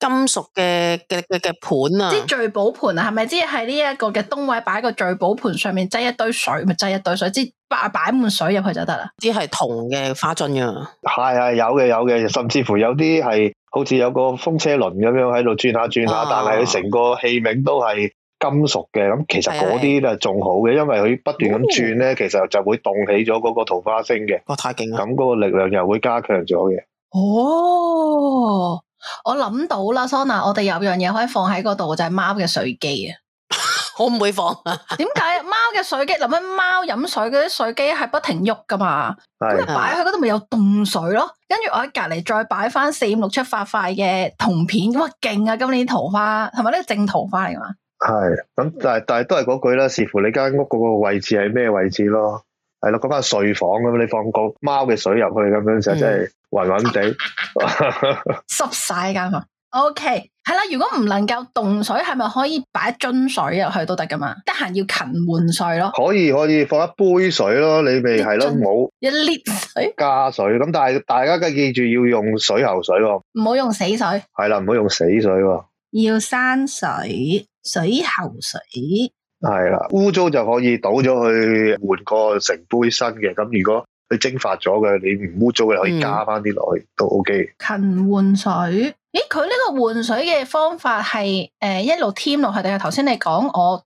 金屬嘅嘅嘅嘅盆啊，即係聚寶盆啊，係咪？即係呢一個嘅東位擺個聚寶盆上面，擠一堆水，咪擠一堆水，即係擺滿水入去就得啦。只係銅嘅花樽噶，係，係有嘅有嘅，甚至乎有啲係好似有個風車輪咁樣喺度轉下轉下，轉轉轉啊，但係佢成個器皿都係。金屬嘅咁，其實嗰啲就仲好嘅，嗯、因為佢不斷咁轉咧，哦、其實就會動起咗嗰個桃花星嘅。個、哦、太勁啦！咁嗰個力量又會加強咗嘅。哦，我諗到啦桑娜。Sona，我哋有樣嘢可以放喺嗰度，就係、是、貓嘅水機啊！ 我唔會放啊！點解？貓嘅水機諗緊貓飲水嗰啲水機係不停喐噶嘛？咁擺喺嗰度咪有動水咯？跟住我喺隔離再擺翻四五六七八塊嘅銅片，咁啊勁啊！今年桃花係咪呢個正桃花嚟嘛？係，咁但係但係都係嗰句啦，視乎你間屋嗰個位置係咩位置咯。係咯，嗰間睡房咁，你放個貓嘅水入去咁樣，就真即係暈暈地，濕晒㗎嘛。O K，係啦，如果唔能夠凍水，係咪可以擺樽水入去都得噶嘛？得閒要勤換水咯。可以可以放一杯水咯，你咪係咯，冇一粒水加水咁，但係大家記記住要用水喉水喎，唔好用死水。係啦，唔好用死水喎，要生水。水喉水係啦，污糟就可以倒咗去換個成杯身嘅。咁如果佢蒸發咗嘅，你唔污糟嘅可以加翻啲落去，嗯、都 OK。勤換水，咦？佢呢個換水嘅方法係誒、呃、一路添落去，定係頭先你講我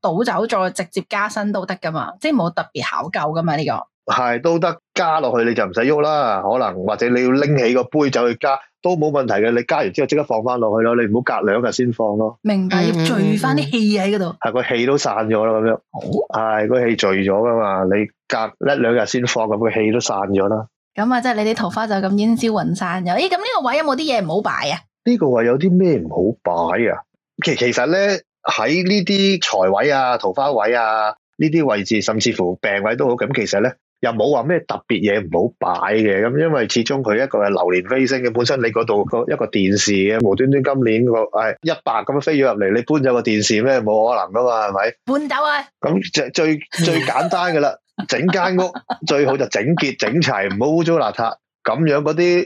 倒倒走再直接加新都得噶嘛？即係冇特別考究噶嘛呢，個？係，都得加落去，你就唔使喐啦。可能或者你要拎起個杯就去加，都冇問題嘅。你加完之後即刻放翻落去咯，你唔好隔兩日先放咯。明白，要聚翻啲氣喺嗰度。係，個氣都散咗啦，咁、嗯、樣係，個氣聚咗噶嘛。你隔一兩日先放，咁個氣都散咗啦。咁啊，即係你啲桃花就咁煙消雲散咗。咦、哎，咁呢個位有冇啲嘢唔好擺啊？呢個位有啲咩唔好擺啊？其其實咧喺呢啲財位啊、桃花位啊呢啲位置，甚至乎病位都好。咁其實咧。又冇話咩特別嘢唔好擺嘅，咁因為始終佢一個係流年飛星嘅，本身你嗰度個一個電視嘅，無端端今年個誒一百咁樣飛咗入嚟，你搬咗個電視咩？冇可能噶嘛，係咪？搬走啊！咁最最最簡單噶啦，整間屋最好就整潔整齊，唔好污糟邋遢，咁樣嗰啲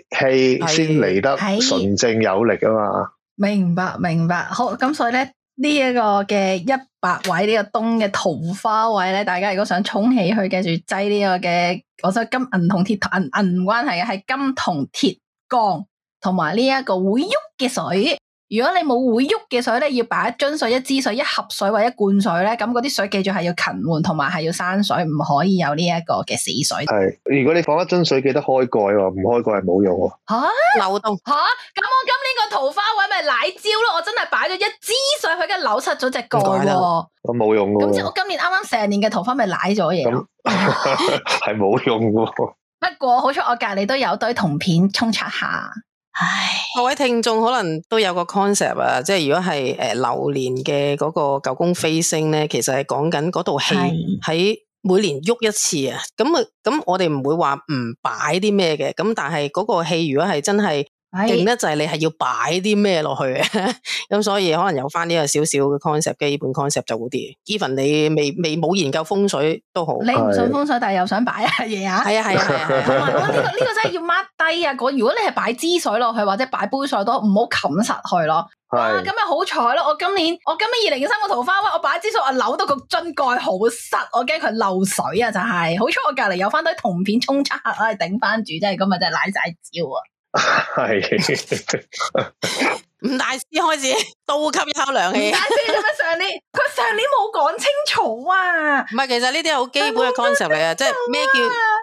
氣先嚟得純正有力啊嘛！明白明白，好，咁所以咧。呢一個嘅一百位呢，呢個東嘅桃花位咧，大家如果想衝起去，記住擠呢個嘅，我睇金銀銅鐵銀銀唔關係嘅，係金銅鐵鋼同埋呢一個會喐嘅水。如果你冇會喐嘅水咧，要擺一樽水、一支水、一盒水，一水，一水或者一罐水咧，咁嗰啲水記住係要勤換，同埋係要生水，唔可以有呢一個嘅死水。係如果你放一樽水，記得開蓋喎，唔開蓋係冇用喎。吓哈流動吓咁我咁。個桃花位咪奶蕉咯，我真係擺咗一支上去，跟住扭出咗隻蓋咯，咁冇託用咯。咁即係我今年啱啱成年嘅桃花咪奶咗嘢咁係冇用嘅。 不過好彩我隔籬都有堆銅片沖刷下，唉，各位聽眾可能都有個 concept 啊，即係如果係誒、呃、流年嘅嗰個九宮飛星咧，其實係講緊嗰套戲喺每年喐一次啊，咁啊咁我哋唔會話唔擺啲咩嘅，咁但係嗰個戲如果係真係。勁咧，就係你係要擺啲咩落去，咁、 嗯、所以可能有翻呢個少少 concept 基本 concept 就好啲。even 你未未冇研究風水都好，你唔信風水，但係又想擺下嘢啊。係啊係啊係啊！呢、啊 這個呢，這個真係要 mark 低啊。如果你係擺支水落去或者擺杯水多，唔好冚實佢咯。哇是！咁咪，啊、好彩咯！我今年我今日二零二三個桃花，我擺支水，我扭到個樽蓋好塞。我驚佢漏水啊。就係、是、好彩我隔籬有翻堆銅片冲插，我係頂翻住，真係今日真係瀨晒招啊！係，吳是 大師開始倒吸一口涼氣。大師，你咪上年，佢上年冇講清楚啊！唔係， 其實呢啲係好基本嘅 concept 嚟啊，即係咩叫？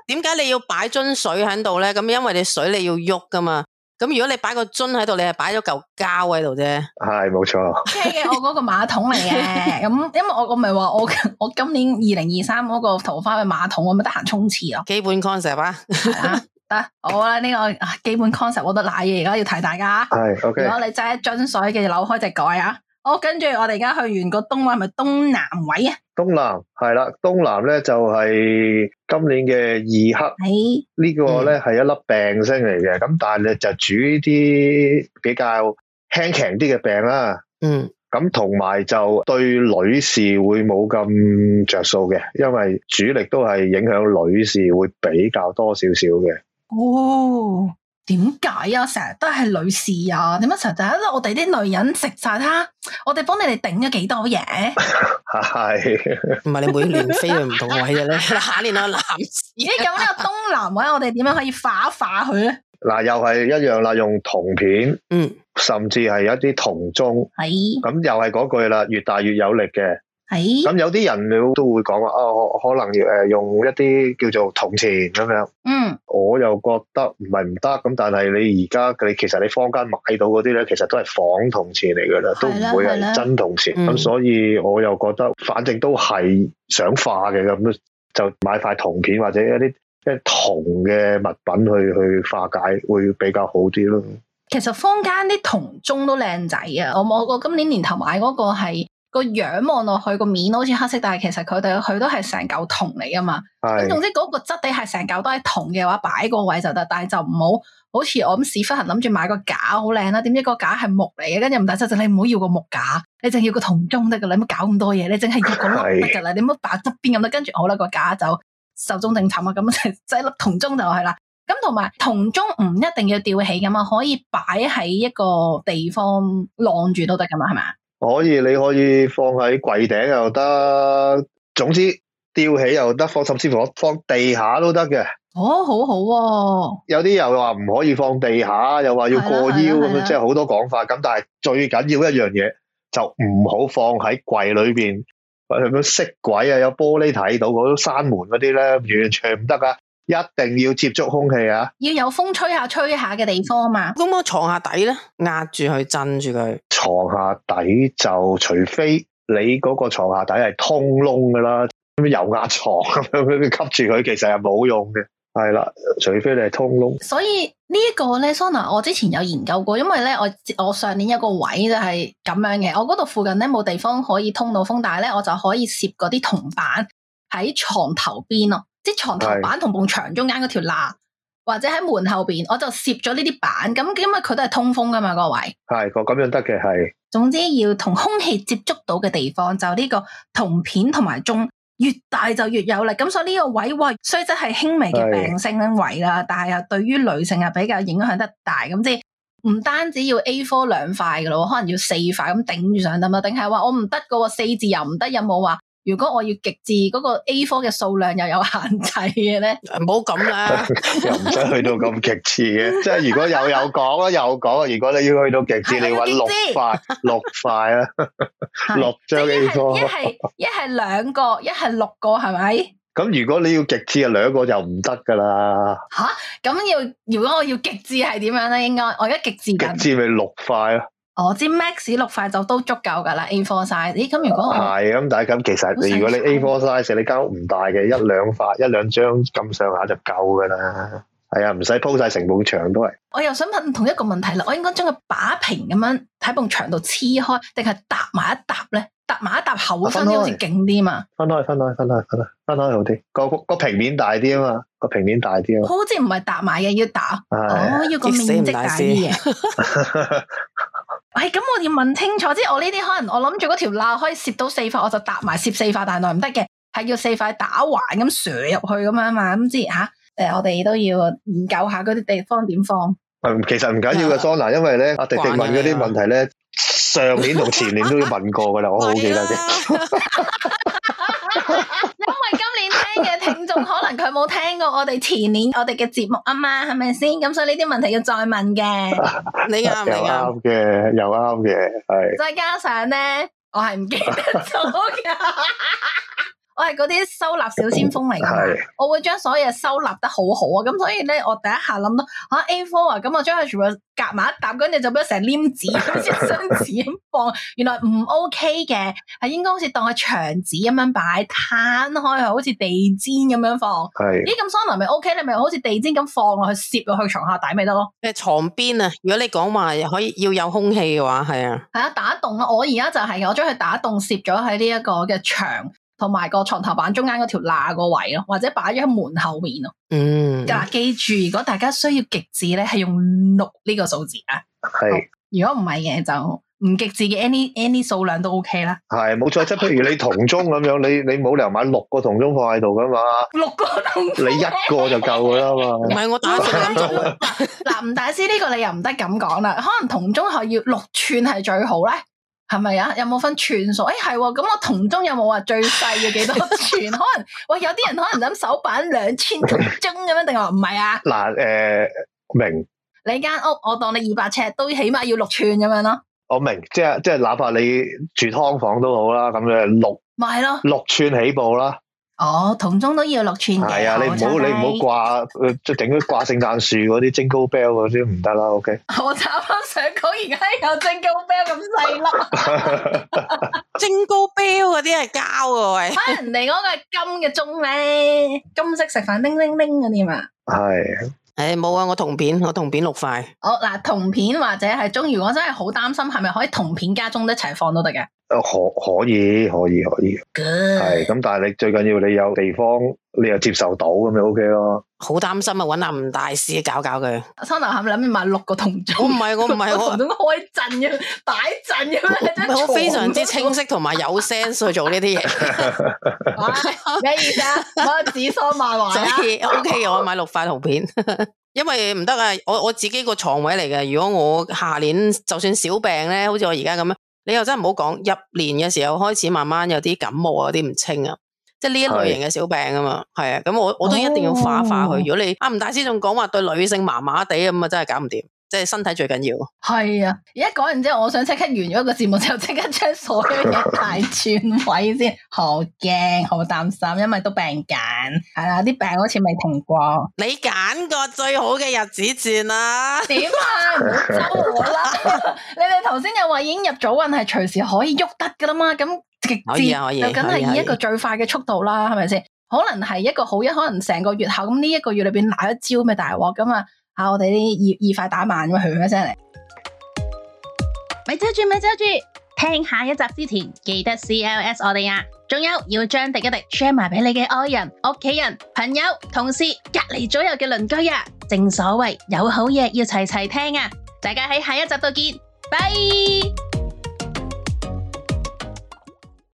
點解你要擺樽水喺度咧？咁因為你水你要喐噶嘛。咁如果你擺個樽喺度，你係擺咗嚿膠喺度啫。係，冇錯。Okay 嘅，我嗰個馬桶嚟嘅。咁 因為我我咪話我我今年二零二三嗰個桃花嘅馬桶，我咪得閒沖廁咯。基本 concept 啊。 得，好啦，呢個基本 concept 我都瀨嘢，而家要提大家。係，如果你真係樽水嘅，扭開只蓋啊！好，跟住我哋而家去完個東位，係咪東南位啊？東南係啦，東南咧就係今年嘅二黑。係呢個咧係一粒病星嚟嘅，咁但係就主啲比較輕強啲嘅病啦。嗯，咁同埋就對女士會冇咁着數嘅，因為主力都係影響女士會比較多少少嘅。哦，點解啊？成日都係女士啊？點解成日就喺我哋啲女人食晒他？我哋幫你哋頂咗幾多嘢？係唔係你每年飛去唔同位嘅咧？ 下年攞男咦咁咧？東南位我哋點樣可以化一化佢咧？嗱，又係一樣啦，用銅片，嗯，甚至係有一啲銅鐘，係咁又係嗰句啦，越大越有力嘅。嗯咁是有啲人佢都會講話啊，可能要誒用一啲叫做銅錢咁樣。嗯，我又覺得唔係唔得咁，但係你而家你其實你坊間買到嗰啲咧，其實都係仿銅錢嚟噶啦，的都唔會係真銅錢。咁的所以我又覺得，反正都係想化嘅咁，嗯，就買塊銅片或者一啲一銅嘅物品去去化解，會比較好啲咯。其實坊間啲銅鐘都靚仔啊！我冇我今年年頭買嗰個係。個樣望落去、個面好似黑色，但係其實佢哋佢都係成嚿銅嚟噶嘛。咁是總之嗰個質地係成嚿都係銅嘅話，擺個位就得。但係就唔好好似我咁屎忽痕諗住買個架好靚啦，點知個架係木嚟嘅，跟住唔大即係你唔好要,要個木架，你淨要個銅鐘得噶。你唔好搞咁多嘢，你淨係一個得噶啦。是你唔好擺側邊咁啦，跟住好啦，個架就壽終正寢啊。咁就即粒銅鐘就係啦。咁同埋銅鐘唔一定要吊起噶嘛，可以擺喺一個地方晾住都得噶嘛，係嘛？可以，你可以放喺櫃頂又得，總之吊起又得，放，甚至乎我放地下都得嘅。哦，好好、啊。有啲又話唔可以放地下，又話要過腰咁樣，啊啊啊、即係好多講法。咁但係最緊要一樣嘢，就唔好放喺櫃裏邊，或者咩色鬼啊，有玻璃睇到嗰啲閂門嗰啲咧，完全唔得㗎！一定要接觸空氣啊，要有風吹下吹下嘅地方啊嘛。咁我床下底咧，壓住佢，震住佢。床下底就除非你嗰個床下底係通窿噶啦，咁油壓床咁樣 吸住佢，其實係冇用嘅。係啦，除非你係通窿。所以呢個咧，Sona，我之前有研究過，因為咧我我上年有個位就係咁樣嘅，我嗰度附近咧冇地方可以通到風，但係咧我就可以攝嗰啲銅板喺床頭邊咯。啲床頭板同埲牆中間嗰條罅，是或者喺門後邊，我就攝咗呢啲板。咁因為佢都係通風噶嘛，各位。係，個咁樣得嘅係。總之要同空氣接觸到嘅地方，就呢個銅片同埋鐘，越大就越有力。咁所以呢個位，哇，衰質係輕微嘅病徵位啦。是但係又對於女性又比較影響得大。咁即係唔單止要 A 科兩塊噶咯，可能要四塊咁頂住上得嘛？定係話我唔得噶？四字又唔得有冇話？如果我要極致嗰個 A 科嘅數量又有限制嘅咧？唔好咁啦，又唔使去到咁極致嘅。即係如果有有講啦，有講啦。如果你要去到極致， 你揾六塊 六塊啊，六張 A 科。一係一係兩個，一係六個，係咪？咁如果你要極致啊，兩個就唔得噶啦。吓、啊？咁要如果我要極致係點樣咧？應該我而家極致極致咪六塊啊。我知 max 六塊就都足夠噶啦，A four size。咦，咁如果係咁，啊，但係咁其實，如果你 A four size，你間屋唔大嘅，一兩塊一兩張咁上下就夠噶啦。係啊，唔使鋪晒成埲牆都係。我又想問同一個問題啦，我應該將佢把平咁樣喺埲牆度黐開，定係搭埋一搭咧？搭埋一搭厚啲好似勁啲嘛？分開，分開，分開，分開，分開好啲。個個，個平面大啲啊嘛，個平面大啲嘛。好似唔係搭埋嘅，要打，的哦，要個面積大啲嘅。 係咁。哎、我要問清楚，即係我呢啲可能我諗住嗰條罅可以攝到四塊，我就搭埋攝四塊，但係唔得嘅，係要四塊打橫咁射入去咁樣嘛。咁之係吓，誒、啊呃，我哋都要研究下嗰啲地方點放。其實唔緊要嘅，啊、桑拿，因為咧阿迪迪問嗰啲問題咧，啊、上年同前年都要問過噶啦， 我好記得嘅、啊。 聽嘅聽眾可能佢冇聽過我哋前年我哋嘅節目啊嘛，係咪先？咁所以呢啲問題要再問嘅，你又啱嘅，又啱嘅，係再加上咧，我係唔記得咗㗎。 我係嗰啲收納小先鋒嚟噶，的我會將所有嘢收納得好好啊，咁所以咧，我第一下諗到吓 A four 啊，咁、啊、我將佢全部夾埋一沓，跟住就變成黏紙好似張紙咁放， 原來唔 OK 嘅，係應該好似當個牆紙咁樣擺，攤開佢好似地氈咁樣放。係咦，咁 Sona 咪 OK？你咪好似地氈咁放落去，攝落去床下底咪得咯？誒，床邊啊，如果你講話可以要有空氣嘅話，係啊，係啊，打洞啦，我而家就係、是、我將佢打洞攝咗喺呢一個嘅牆。同埋個床頭板中間嗰條罅個位咯，或者擺咗喺門後面咯。嗯，嗱，記住，如果大家需要極致咧，係用六呢個數字啊。係是、哦，如果唔係嘅就唔極致嘅 any any 數量都 OK 啦。係，冇錯，即係譬如你銅鐘咁樣，你你冇理由買六個銅鐘放喺度噶嘛。六個銅，你一個就夠噶啦嘛。唔係 我擔心咁，嗱， 吳大師呢個你又唔得咁講啦，可能銅鐘係要六寸係最好咧。係咪啊？有冇分寸數？誒、哎，係咁，我同中有冇話最細要幾多寸？ 可能喂，有啲人可能諗手板兩千根鐘咁樣，定話唔係啊？嗱、啊，誒、呃，明你間屋我當你二百尺，都起碼要六寸咁樣咯。我明，即係即係，哪怕你住劏房都好啦，咁樣六，咪咯，六寸起步啦。哦，銅鐘都要六寸幾？係啊，你唔好你唔好掛，誒，即係整啲掛聖誕樹嗰啲精高 bell 啊，唔得啦，OK。我差唔多想講而家有精高 bell 咁細粒，精高 bell 嗰啲係膠噶喂，睇人哋嗰個係金嘅鐘咧，金色食飯叮叮叮嗰啲嘛。係、哎，誒冇啊，我銅片我銅片六塊。好嗱，銅片或者係鐘，如果真係好擔心，係咪可以銅片加鐘一齊放都得嘅？可可以可以可以，係咁 Good.，但係你最緊要你有地方，你又接受到咁咪 O K 咯。好擔心啊！搵下吳大師搞搞佢。三樓喊諗住買六個銅鐘。我唔係我唔係我開陣嘅，擺陣嘅咩？我非常之清晰同埋有 sense 去做呢啲嘢。咩意思啊？我紙梳賣壞啦。O K，我買六塊銅片， 因為唔得啊！我我自己個床位嚟嘅。如果我下年就算小病咧，好似我而家咁啊。你又真係唔好講，入年嘅時候開始慢慢有啲感冒啊，有啲唔清啊，即係呢一類型嘅小病啊嘛，係啊的，咁我我都一定要化化佢。Oh. 如果你阿吳、啊、大師仲講話對女性麻麻地咁啊，真係搞唔掂。即係身體最緊要。係啊，而家講完之後，我想即刻完咗個節目之後，即刻將所有嘢大轉位先。好驚，好擔心，因為都病緊，係啦、啊，啲病好似未停過。你揀個最好嘅日子轉啦、啊，點啊唔好咒我啦！ 你哋頭先又話已經入咗九運，係隨時可以喐得噶啦嘛，咁極之就梗係以一個最快嘅速度啦，係咪先？可能係一個好一，可能成個月後咁呢一個月裏邊拿一招咪大鑊噶嘛。吓、啊、我哋啲二二塊打慢咁樣一聲嚟，咪遮住咪遮住，聽下一集之前記得 C L S 我哋啊，仲有要將迪一迪 share 埋俾你嘅愛人、屋企人、朋友、同事、隔籬左右嘅鄰居啊，正所謂有好嘢要齊齊聽啊，大家喺下一集度見，拜。